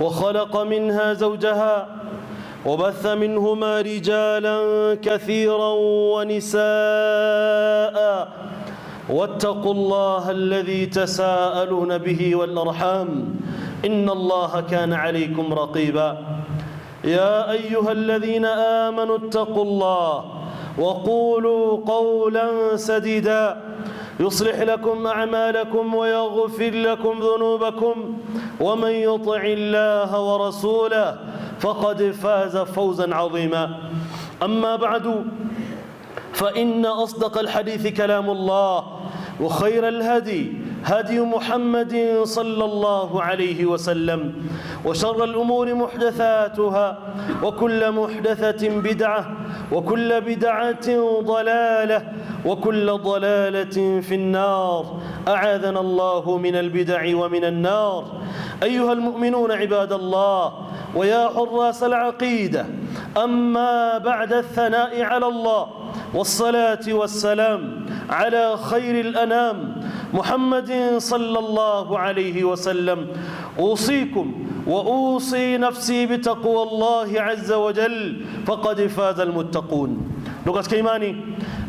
وخلق منها زوجها وبث منهما رجالا كثيرا ونساء واتقوا الله الذي تساءلون به والارحام ان الله كان عليكم رقيبا يا ايها الذين امنوا اتقوا الله وقولوا قولا سديدا يصلح لكم أعمالكم ويغفر لكم ذنوبكم ومن يطع الله ورسوله فقد فاز فوزا عظيما أما بعد فإن أصدق الحديث كلام الله وخير الهدي هدي محمد صلى الله عليه وسلم وشر الأمور محدثاتها وكل محدثة بدعة وكل بدعة ضلالة وكل ضلالة في النار أعاذنا الله من البدع ومن النار أيها المؤمنون عباد الله ويا حراس العقيدة أما بعد الثناء على الله والصلاة والسلام على خير الأنام محمد صلى الله عليه وسلم أوصيكم وأوصي نفسي بتقوى الله عز وجل فقد فاز المتقون لغة كيماني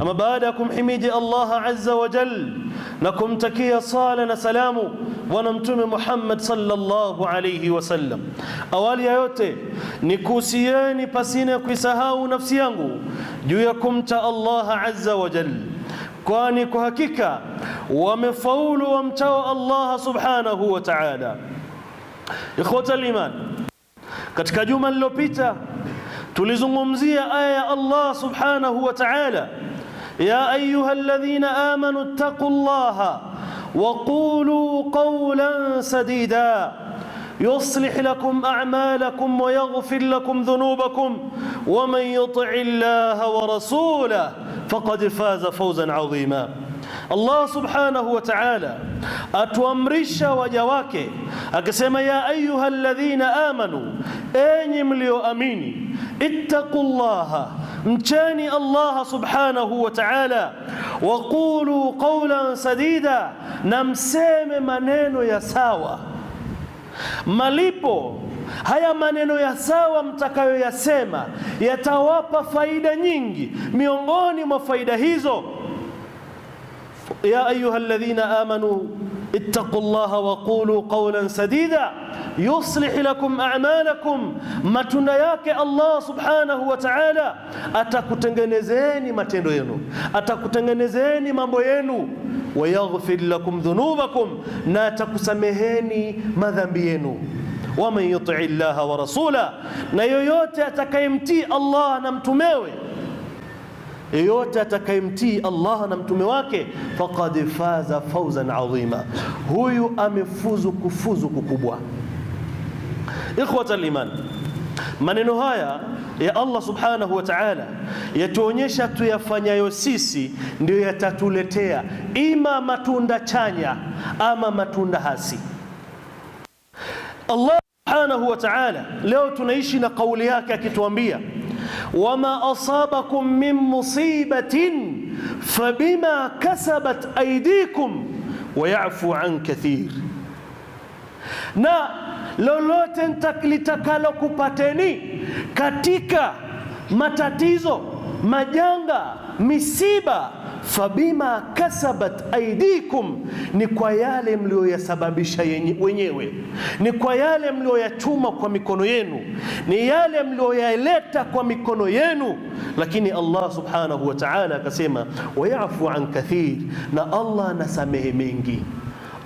أما بعدكم حميد الله عز وجل نكم تكي صالنا سلام ونمتم محمد صلى الله عليه وسلم awali ya yote nikuhusieni pasina kuisahau nafsi yangu juu ya kwani kwa hakika wamefaulu wamchao Allah subhanahu wa ta'ala. Ikhwata liman, katika juma lilopita tulizungumzia aya ya Allah subhanahu wa ta'ala, ya ayuha alladhina amanu ittaqullaha wa qulu qawlan sadida يصلح لكم أعمالكم ويغفر لكم ذنوبكم ومن يطع الله ورسوله faqad faza fawzan adhima. Allah subhanahu wa ta'ala atuamrisha waja wake akisema, ya ayuha alladhina amanu, enyi mlioamini, ittaqullaha, mcheni Allah subhanahu wa ta'ala, wa qawlan sadida, na mseme maneno ya sawa. Malipo haya maneno ya sawa mtakayoyasema yatawapa faida nyingi. Miongoni mwa faida hizo, ya ayuha alladhina amanu ittaqu llaha waqulu qawlan sadida yuslih lakum a'malakum, matunda yake Allah subhanahu wa ta'ala atakutengenezeni matendo yenu, atakutengenezeni mambo yenu wayaghfir lakum dhunubakum, na atakusameheni madhambi yenu waman yuti llaha wa rasula, na yoyote atakayemtii Allah na mtumewe yoyote atakayemtii Allah na mtume wake faqad faza fawzan adhima, huyu amefuzu kufuzu kukubwa. Ikhwata liman, maneno haya ya Allah subhanahu wa ta'ala yatuonyesha tuyafanyayo sisi ndio yatatuletea ima matunda chanya ama matunda hasi Allah subhanahu wa ta'ala. Leo tunaishi na kauli yake akituambia, wama asabakum min musibatin fabima kasabat aydikum wayafu an kathir, na lolote litakalokupateni katika matatizo, majanga, misiba fabima kasabat aidikum, ni kwa yale mlioyasababisha wenyewe, ni kwa yale mlioyachuma kwa mikono yenu, ni yale mlioyaleta kwa mikono yenu. Lakini Allah subhanahu wa ta'ala akasema, wayafu an kathir, na Allah anasamehe mengi.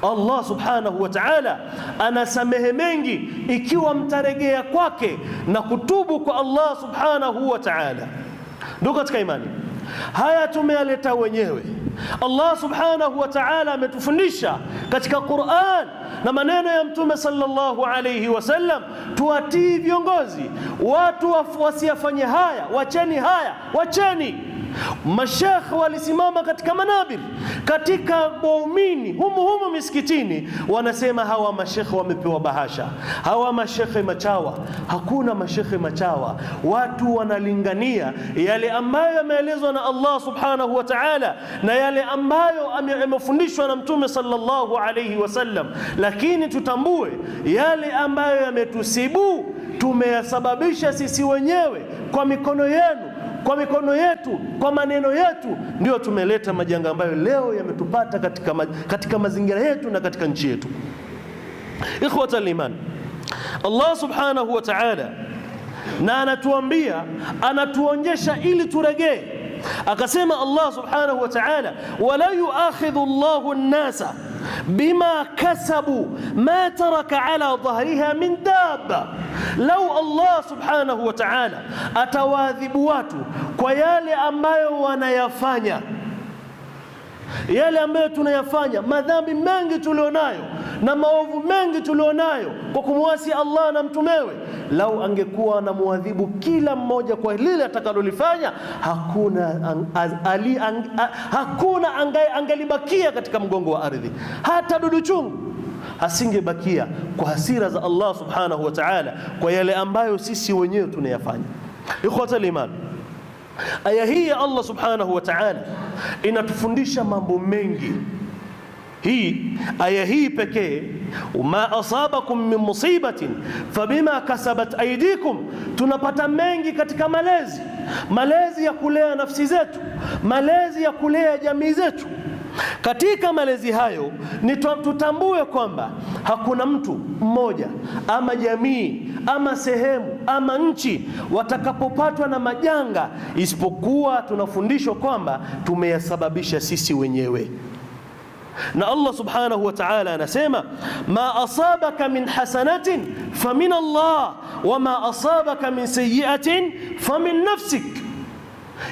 Allah subhanahu wa ta'ala anasamehe mengi ikiwa mtaregea kwake na kutubu kwa Allah subhanahu wa ta'ala. Ndugu katika imani Haya tumeyaleta wenyewe. Allah subhanahu wa ta'ala ametufundisha katika Qur'an na maneno ya Mtume sallallahu alayhi wasallam, tuwatii viongozi, watu wasiyafanye haya, wacheni haya, wacheni Mashekh walisimama katika manabir, katika waumini humu humu misikitini, wanasema hawa mashekhe wamepewa bahasha, hawa mashekhe machawa. Hakuna mashekhe machawa, watu wanalingania yale ambayo yameelezwa na Allah subhanahu wa ta'ala na yale ambayo yamefundishwa na Mtume sallallahu alayhi wasallam, lakini tutambue yale ambayo yametusibu tumeyasababisha sisi wenyewe kwa mikono yenu kwa mikono yetu, kwa maneno yetu ndio tumeleta majanga ambayo leo yametupata katika, ma, katika mazingira yetu na katika nchi yetu. Ikhwata liman, Allah subhanahu wa ta'ala na anatuambia, anatuonyesha ili turegee Akasema Allah subhanahu wa ta'ala, wala yuakhidhu llahu nnasa bima kasabu ma taraka ala dhahriha min dabba, lau Allah subhanahu wa ta'ala atawaadhibu watu kwa yale ambayo wanayafanya yale ambayo tunayafanya, madhambi mengi tulionayo na maovu mengi tulionayo kwa kumwasi Allah na mtumewe. Lau angekuwa anamwadhibu kila mmoja kwa lile atakalolifanya, hakuna ali, ang, a, hakuna angelibakia katika mgongo wa ardhi, hata dudu chungu asingebakia kwa hasira za Allah subhanahu wa ta'ala, kwa yale ambayo sisi wenyewe tunayafanya. Ikhwatal iman Aya hii ya Allah subhanahu wa ta'ala inatufundisha mambo mengi. Hii aya hii pekee, ma asabakum min musibatin fabima kasabat aydikum. Tunapata mengi katika malezi, malezi ya kulea nafsi zetu, malezi ya kulea jamii zetu katika malezi hayo ni tutambue kwamba hakuna mtu mmoja ama jamii ama sehemu ama nchi watakapopatwa na majanga isipokuwa tunafundishwa kwamba tumeyasababisha sisi wenyewe. Na Allah subhanahu wa ta'ala anasema ma asabaka min hasanatin famin Allah wa ma asabaka min sayyi'atin famin nafsik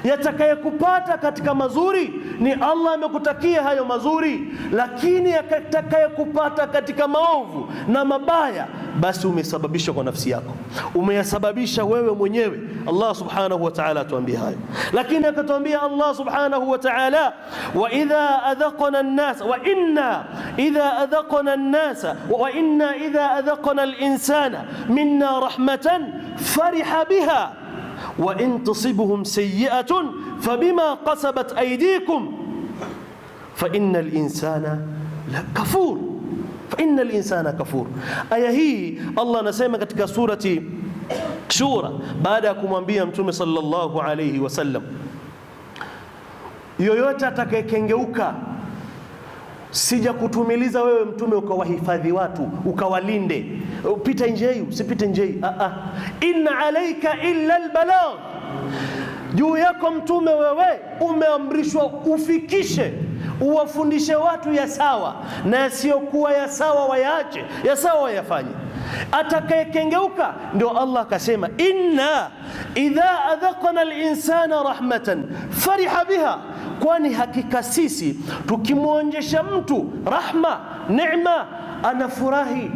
Yatakayekupata katika mazuri ni Allah amekutakia hayo mazuri, lakini yatakayekupata katika maovu na mabaya, basi umesababisha kwa nafsi yako, umeyasababisha wewe mwenyewe. Allah subhanahu wa ta'ala atuambie hayo, lakini akatuambia Allah subhanahu wa ta'ala, wa idha adhaqna an-nas wa inna idha adhaqna an-nas wa inna idha adhaqna al-insana minna rahmatan fariha biha wa in tusibuhum sayyi'atun fabima kasabat aydikum fa innal insana lakafur, fa innal insana kafur. Aya hii Allah anasema katika surati Shura baada ya kumwambia Mtume sallallahu alayhi wasallam, yoyote atakayekengeuka Sija kutumiliza wewe mtume ukawahifadhi watu ukawalinde, pita njei usipite njei. A ah, a, ah. inna alaika illa albalagh, juu yako mtume wewe umeamrishwa ufikishe uwafundishe watu ya sawa na yasiyokuwa ya sawa wayaache, ya sawa wayafanye. Atakayekengeuka ndio Allah akasema, inna idha adhaqna linsana rahmatan fariha biha, kwani hakika sisi tukimwonjesha mtu rahma neema anafurahi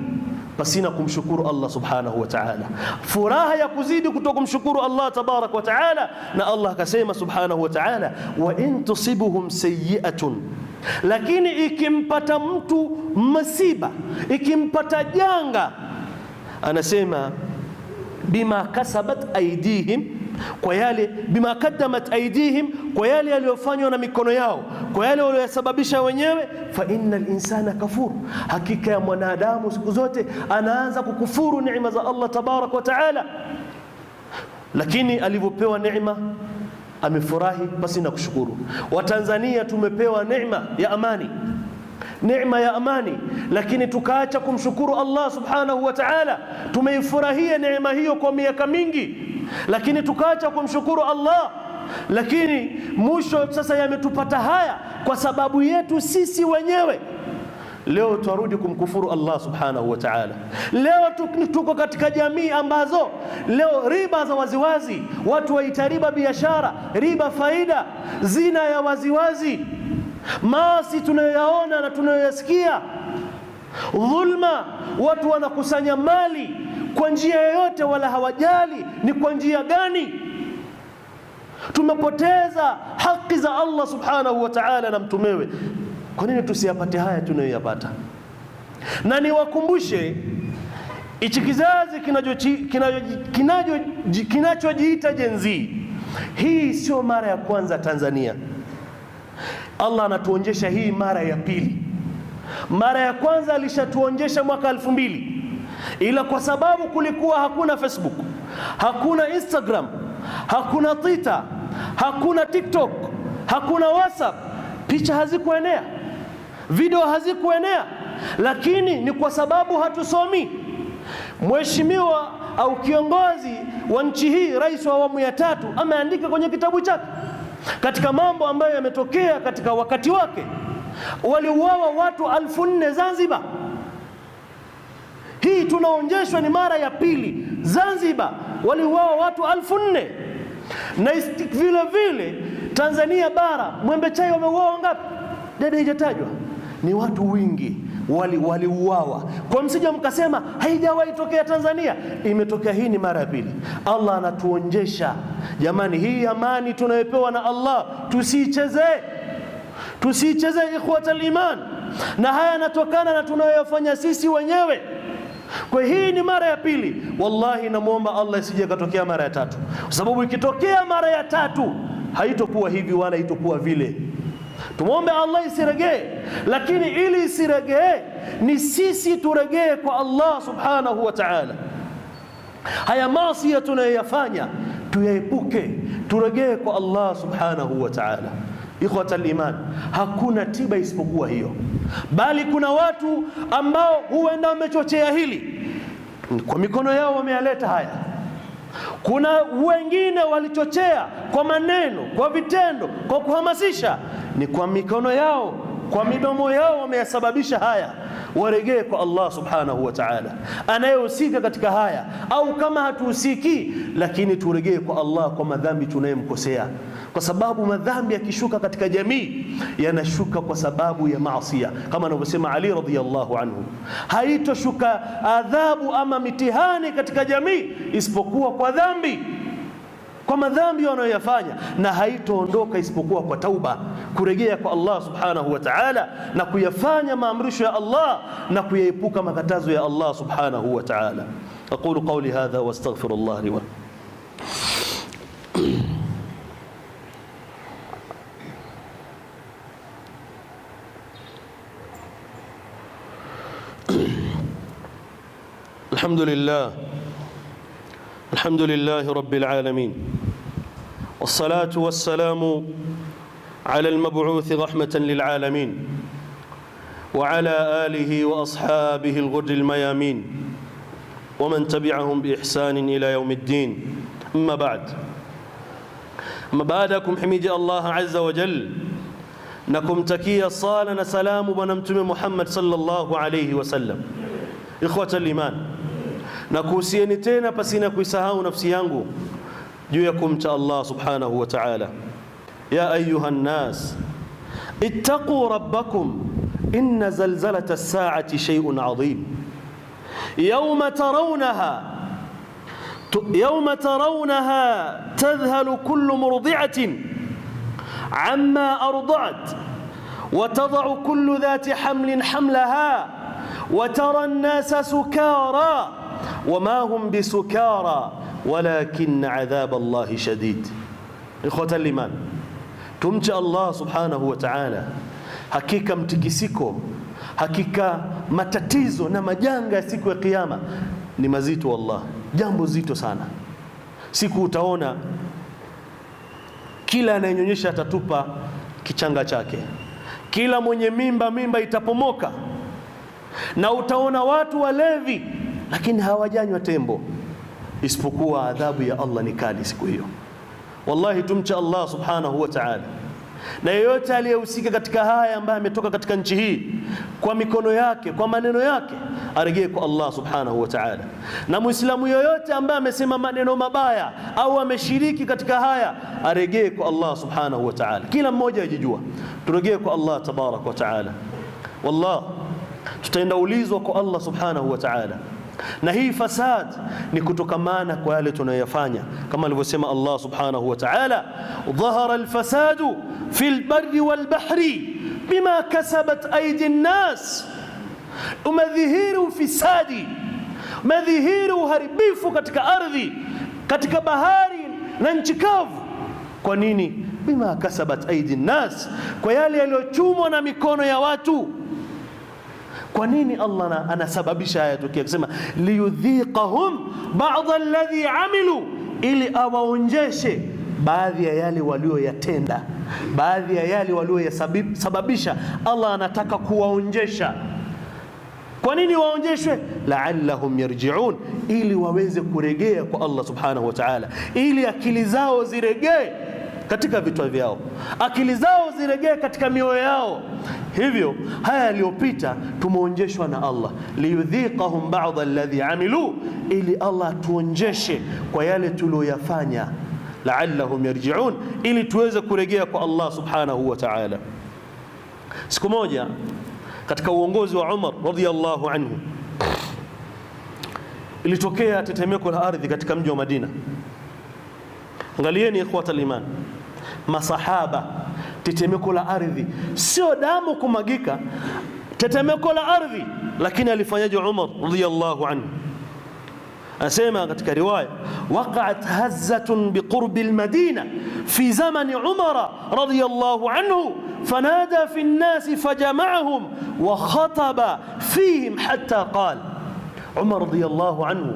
pasina kumshukuru Allah subhanahu wa ta'ala, furaha ya kuzidi kuto kumshukuru Allah tabarak wa ta'ala. Na Allah akasema subhanahu wa ta'ala, wa in tusibuhum sayyi'atun, lakini ikimpata mtu msiba, ikimpata janga anasema bima kasabat aidihim kwa yale bima kadamat aidihim, kwa yale yaliyofanywa na mikono yao, kwa yale waliyosababisha wenyewe. Fa innal insana kafur, hakika ya mwanadamu siku zote anaanza kukufuru neema za Allah tabarak wa taala, lakini alivyopewa neema amefurahi basi na kushukuru. Watanzania tumepewa neema ya amani neema ya amani, lakini tukaacha kumshukuru Allah subhanahu wa ta'ala. Tumeifurahia neema hiyo kwa miaka mingi, lakini tukaacha kumshukuru Allah lakini mwisho sasa yametupata haya kwa sababu yetu sisi wenyewe. Leo twarudi kumkufuru Allah subhanahu wa ta'ala. Leo tuko katika jamii ambazo leo riba za waziwazi, watu waita riba biashara, riba faida, zina ya waziwazi maasi tunayoyaona na tunayoyasikia, dhulma, watu wanakusanya mali kwa njia yoyote, wala hawajali ni kwa njia gani. Tumepoteza haki za Allah subhanahu wa ta'ala na mtumewe. Kwa nini tusiyapate haya tunayoyapata? Na niwakumbushe ichi kizazi kinachojiita Gen Z, hii sio mara ya kwanza Tanzania Allah anatuonyesha hii mara ya pili. Mara ya kwanza alishatuonyesha mwaka elfu mbili, ila kwa sababu kulikuwa hakuna Facebook, hakuna Instagram, hakuna Twitter, hakuna TikTok, hakuna WhatsApp, picha hazikuenea, video hazikuenea, lakini ni kwa sababu hatusomi. Mheshimiwa au kiongozi wa nchi hii, rais wa awamu ya tatu, ameandika kwenye kitabu chake katika mambo ambayo yametokea katika wakati wake, waliuawa watu alfu nne Zanzibar. Hii tunaonjeshwa ni mara ya pili. Zanzibar waliuawa watu alfu nne na vile vile Tanzania bara Mwembe Chai wameuawa ngapi? Dada, haijatajwa ni watu wingi waliuawa wali kwa msija, mkasema haijawahi tokea Tanzania. Imetokea, hii ni mara ya pili. Allah anatuonjesha jamani, hii amani tunayopewa na Allah tusiichezee, tusiichezee ikhwata iman, na haya yanatokana na tunayoyafanya sisi wenyewe. Kwa hii ni mara ya pili, wallahi namwomba Allah isije katokea mara ya tatu, kwa sababu ikitokea mara ya tatu haitokuwa hivi wala haitokuwa vile. Tumwombe Allah isiregee, lakini ili isiregee ni sisi turegee kwa Allah subhanahu wa ta'ala. Haya maasi tunayoyafanya tuyaepuke, turegee kwa Allah subhanahu wa ta'ala. Ikhwatal iman, hakuna tiba isipokuwa hiyo, bali kuna watu ambao huenda wamechochea hili kwa mikono yao, wameyaleta haya. Kuna wengine walichochea kwa maneno, kwa vitendo, kwa kuhamasisha ni kwa mikono yao, kwa midomo yao wameyasababisha haya, waregee kwa Allah subhanahu wa ta'ala, anayehusika katika haya, au kama hatuhusiki, lakini turegee kwa Allah kwa madhambi tunayemkosea, kwa sababu madhambi yakishuka katika jamii yanashuka kwa sababu ya maasiya, kama anavyosema Ali radhiyallahu anhu, haitoshuka adhabu ama mitihani katika jamii isipokuwa kwa dhambi kwa madhambi wanayoyafanya, na haitoondoka isipokuwa kwa tauba, kurejea kwa Allah subhanahu wa ta'ala, na kuyafanya maamrisho ya Allah na kuyaepuka makatazo ya Allah subhanahu wa ta'ala. aqulu qawli hadha wastaghfirullah li wa alhamdulillah الحمد لله رب العالمين والصلاة والسلام على المبعوث رحمة للعالمين وعلى آله وأصحابه الغر الميامين ومن تبعهم بإحسان إلى يوم الدين أما بعد أما بعدكم حميد الله عز وجل نكم نكمتكي صالنا سلام ونمتم محمد صلى الله عليه وسلم إخوة الإيمان na kuhusieni tena pasina kuisahau nafsi yangu juu ya kumcha Allah subhanahu wa ta'ala. Ya ayuha nnas ittaquu rabbakum inna zalzalata saati shay'un 'adhim yawma tarawnaha yawma ترونها تذهل kullu murdi'atin عما أرضعت وتضع كل ذات حمل حملها وترى الناس سكارى wama hum bisukara walakin adhab Allahi shadid. Ikhwata liman, tumche Allah subhanahu wa ta'ala. Hakika mtikisiko, hakika matatizo na majanga ya siku ya Kiyama ni mazito, wallah, jambo zito sana. Siku utaona kila anayenyonyesha atatupa kichanga chake, kila mwenye mimba mimba itapomoka, na utaona watu walevi lakini hawajanywa tembo, isipokuwa adhabu ya Allah ni kali siku hiyo. Wallahi, tumcha Allah subhanahu wa ta'ala, na yeyote aliyehusika katika haya ambaye ametoka katika nchi hii kwa mikono yake kwa maneno yake arejee kwa Allah subhanahu wa ta'ala. Na muislamu yoyote ambaye amesema maneno mabaya au ameshiriki katika haya arejee kwa Allah subhanahu wa ta'ala. Kila mmoja ajijua, turejee kwa Allah tabarak wa ta'ala. Wallah, tutaenda ulizwa kwa Allah subhanahu wa ta'ala na hii fasad ni kutokamana kwa yale tunayoyafanya, kama alivyosema Allah subhanahu wa ta'ala, dhahara alfasadu fi lbari walbahri bima kasabat aidi nnas, umedhihiri ufisadi, umedhihiri uharibifu katika ardhi, katika bahari na nchi kavu. Kwa nini? Bima kasabat aidi nnas, kwa yale yaliyochumwa na mikono ya watu kwa nini Allah anasababisha haya tokea, akisema liyudhiqahum ba'd alladhi amilu, ili awaonjeshe baadhi ya yale walioyatenda, baadhi ya yale walioyasababisha. Allah anataka kuwaonjesha. Kwa nini waonjeshwe? Laallahum yarjiun, ili waweze kuregea kwa Allah subhanahu wa ta'ala, ili akili zao ziregee katika vichwa vyao, akili zao ziregee katika mioyo yao. Hivyo haya yaliyopita tumeonjeshwa na Allah, liyudhiqahum ba'd alladhi amilu, ili Allah tuonjeshe kwa yale tuliyoyafanya, la'allahum yarji'un, ili tuweze kurejea kwa Allah subhanahu wa ta'ala. Siku moja katika uongozi wa Umar radhiyallahu anhu ilitokea tetemeko la ardhi katika mji wa Madina. Angalieni ikhwata al-iman, masahaba, tetemeko la ardhi, sio damu kumagika, tetemeko la ardhi. Lakini alifanyaje Umar radhiyallahu anhu? Anasema katika riwaya, waqa'at hazzatun biqurbi almadina fi zamani Umara radhiyallahu anhu fanada fi nnasi fajama'ahum wa khataba fihim hatta qala Umar radhiyallahu anhu,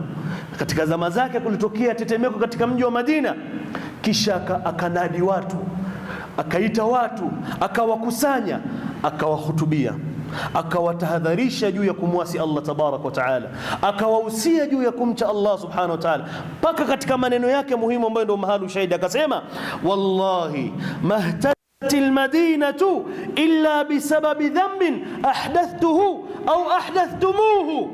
katika zama zake kulitokea tetemeko katika mji wa Madina kisha akanadi watu, akaita watu, akawakusanya, akawahutubia akawatahadharisha juu ya kumwasi Allah tabaraka wa taala, akawahusia juu ya kumcha Allah subhanahu wa taala, mpaka katika maneno yake muhimu ambayo ndio mahali ushahidi, akasema wallahi mahtadat lmadinatu illa bisababi dhambin ahdathtuhu au ahdathtumuhu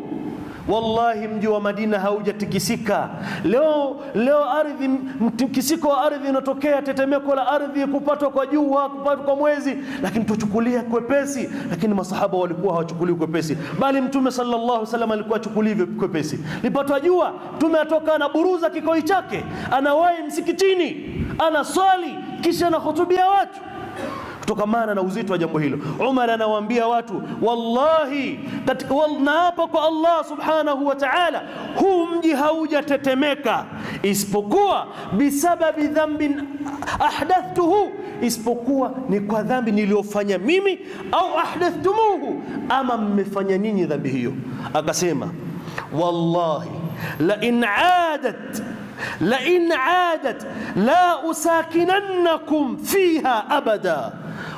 Wallahi, mji wa Madina haujatikisika leo. Leo ardhi, mtikisiko wa ardhi unatokea, tetemeko la ardhi, kupatwa kwa jua, kupatwa kwa mwezi, lakini tuchukulia kwepesi. Lakini masahaba walikuwa hawachukulii kwepesi, bali Mtume sallallahu alaihi wasallam alikuwa achukulii kwepesi. Lipatwa jua, Mtume atoka anaburuza kikoi chake, anawahi msikitini, anaswali, kisha anahutubia watu kutokamana na uzito wa jambo hilo. Umar anawaambia watu, wallahi, katika naapa kwa Allah subhanahu wa ta'ala, huu mji haujatetemeka isipokuwa bisababi dhambin ahdathtuhu, isipokuwa ni kwa dhambi niliyofanya mimi, au ahdathtumuhu, ama mmefanya ninyi dhambi hiyo. Akasema, wallahi la in aadat la in aadat la usakinannakum fiha abada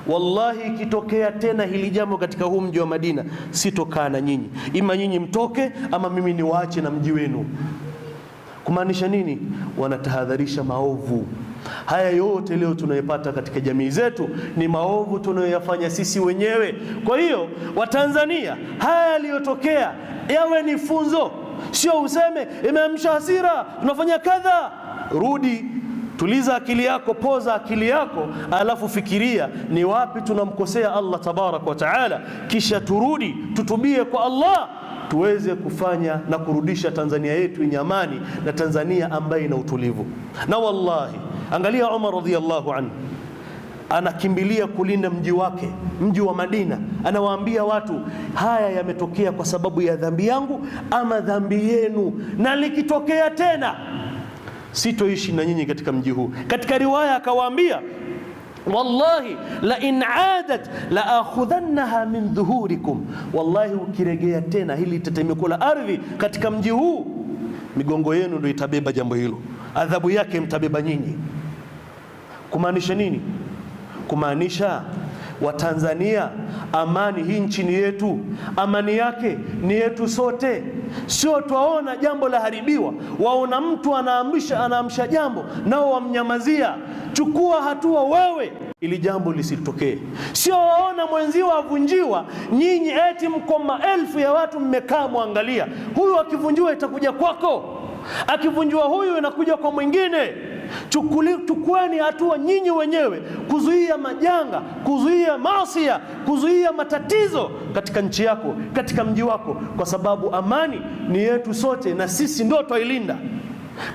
wallahi, ikitokea tena hili jambo katika huu mji wa Madina, sitokaa na nyinyi, ima nyinyi mtoke, ama mimi niwaache na mji wenu. Kumaanisha nini? Wanatahadharisha maovu haya yote leo tunayopata katika jamii zetu ni maovu tunayoyafanya sisi wenyewe. Kwa hiyo, Watanzania, haya yaliyotokea yawe ni funzo, sio useme imeamsha hasira, tunafanya kadha. Rudi Tuliza akili yako, poza akili yako, alafu fikiria ni wapi tunamkosea Allah tabaraka wa taala, kisha turudi tutubie kwa Allah tuweze kufanya na kurudisha Tanzania yetu yenye amani na Tanzania ambayo ina utulivu. Na wallahi, angalia Umar radhiyallahu anhu anakimbilia kulinda mji wake, mji wa Madina. Anawaambia watu, haya yametokea kwa sababu ya dhambi yangu ama dhambi yenu, na likitokea tena sitoishi na nyinyi katika mji huu. Katika riwaya akawaambia wallahi la in adat la akhudhannaha min dhuhurikum, wallahi ukiregea tena hili tetemeko la ardhi katika mji huu, migongo yenu ndio itabeba jambo hilo, adhabu yake mtabeba nyinyi. Kumaanisha nini? Kumaanisha Watanzania, amani hii nchini yetu, amani yake ni yetu sote, sio twaona jambo laharibiwa, waona mtu anaamsha anaamsha jambo nao wamnyamazia. Chukua hatua wewe ili jambo lisitokee, sio waona mwenziwa avunjiwa, nyinyi eti mko maelfu ya watu mmekaa mwangalia, huyu akivunjiwa itakuja kwako, akivunjiwa huyu inakuja kwa mwingine. Chukuli, chukueni hatua nyinyi wenyewe kuzuia majanga, kuzuia maasi, kuzuia matatizo katika nchi yako, katika mji wako, kwa sababu amani ni yetu sote na sisi ndio twailinda.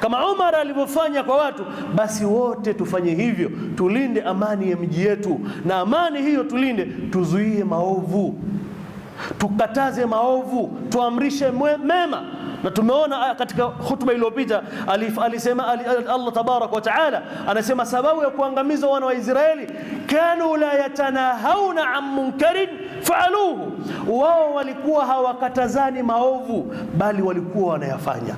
Kama umar alivyofanya kwa watu, basi wote tufanye hivyo, tulinde amani ya miji yetu, na amani hiyo tulinde, tuzuie maovu, tukataze maovu, tuamrishe mema na tumeona ah, katika hutuba iliyopita alisema Allah tabarak wa taala anasema sababu ya kuangamiza wana wa Israeli, kanu la yatanahauna an munkarin faaluhu, wao walikuwa hawakatazani maovu bali walikuwa wanayafanya.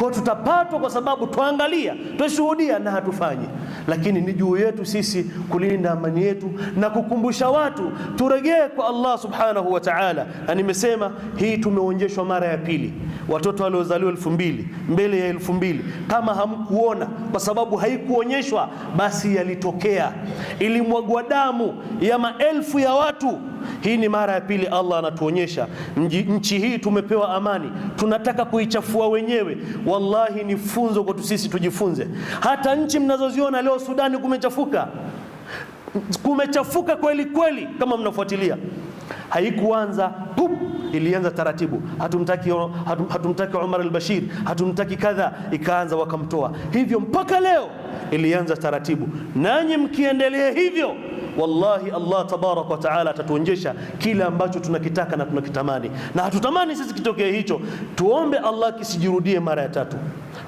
Kwa tutapatwa kwa sababu twaangalia, twashuhudia na hatufanyi, lakini ni juu yetu sisi kulinda amani yetu na kukumbusha watu turejee kwa Allah subhanahu wa ta'ala. Na nimesema hii tumeonyeshwa mara ya pili, watoto waliozaliwa elfu mbili mbele ya elfu mbili kama hamkuona kwa sababu haikuonyeshwa, basi yalitokea, ilimwagwa damu ya maelfu ya watu hii ni mara ya pili Allah anatuonyesha nchi hii tumepewa amani, tunataka kuichafua wenyewe. Wallahi ni funzo kwetu sisi, tujifunze. Hata nchi mnazoziona leo Sudani kumechafuka, kumechafuka kweli kweli, kama mnafuatilia haikuanza pup, ilianza taratibu. Hatumtaki, hatum, hatumtaki Omar al-Bashir, hatumtaki kadha, ikaanza wakamtoa hivyo, mpaka leo ilianza taratibu. Nanyi mkiendelea hivyo wallahi Allah tabaraka wa taala atatuonyesha kile ambacho tunakitaka na tunakitamani, na hatutamani sisi kitokee hicho. Tuombe Allah kisijirudie mara ya tatu.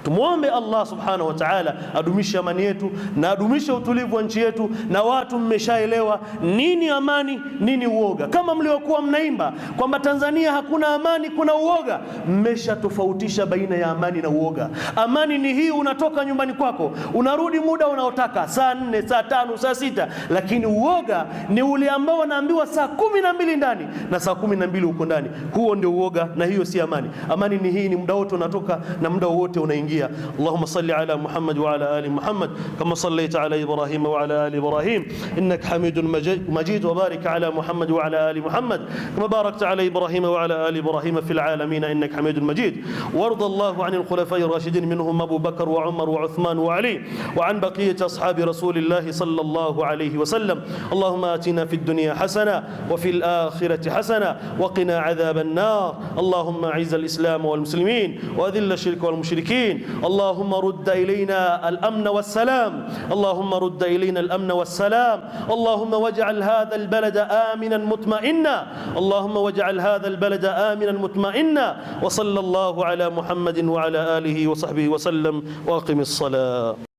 Tumwombe Allah subhanahu wa ta'ala adumishe amani yetu na adumishe utulivu wa nchi yetu. Na watu mmeshaelewa nini amani, nini uoga. Kama mliokuwa mnaimba kwamba Tanzania hakuna amani, kuna uoga, mmeshatofautisha baina ya amani na uoga. Amani ni hii, unatoka nyumbani kwako unarudi muda unaotaka, saa nne, saa tano, saa sita. Lakini uoga ni ule ambao wanaambiwa saa kumi na mbili ndani na saa kumi na mbili uko ndani. Huo ndio uoga na hiyo si amani. Amani ni hii, ni muda wote unatoka na muda wote unaingia. نبيا اللهم صل على محمد وعلى آل محمد كما صليت على إبراهيم وعلى آل إبراهيم إنك حميد مجيد وبارك على محمد وعلى آل محمد كما باركت على إبراهيم وعلى آل إبراهيم في العالمين إنك حميد مجيد وارض الله عن الخلفاء الراشدين منهم أبو بكر وعمر وعثمان وعلي وعن بقية أصحاب رسول الله صلى الله عليه وسلم اللهم آتنا في الدنيا حسنة وفي الآخرة حسنة وقنا عذاب النار اللهم أعز الإسلام والمسلمين وأذل الشرك والمشركين اللهم رد إلينا الأمن والسلام اللهم رد إلينا الأمن والسلام اللهم واجعل هذا البلد آمنا مطمئنا اللهم واجعل هذا البلد آمنا مطمئنا وصلى الله على محمد وعلى آله وصحبه وسلم وأقم الصلاة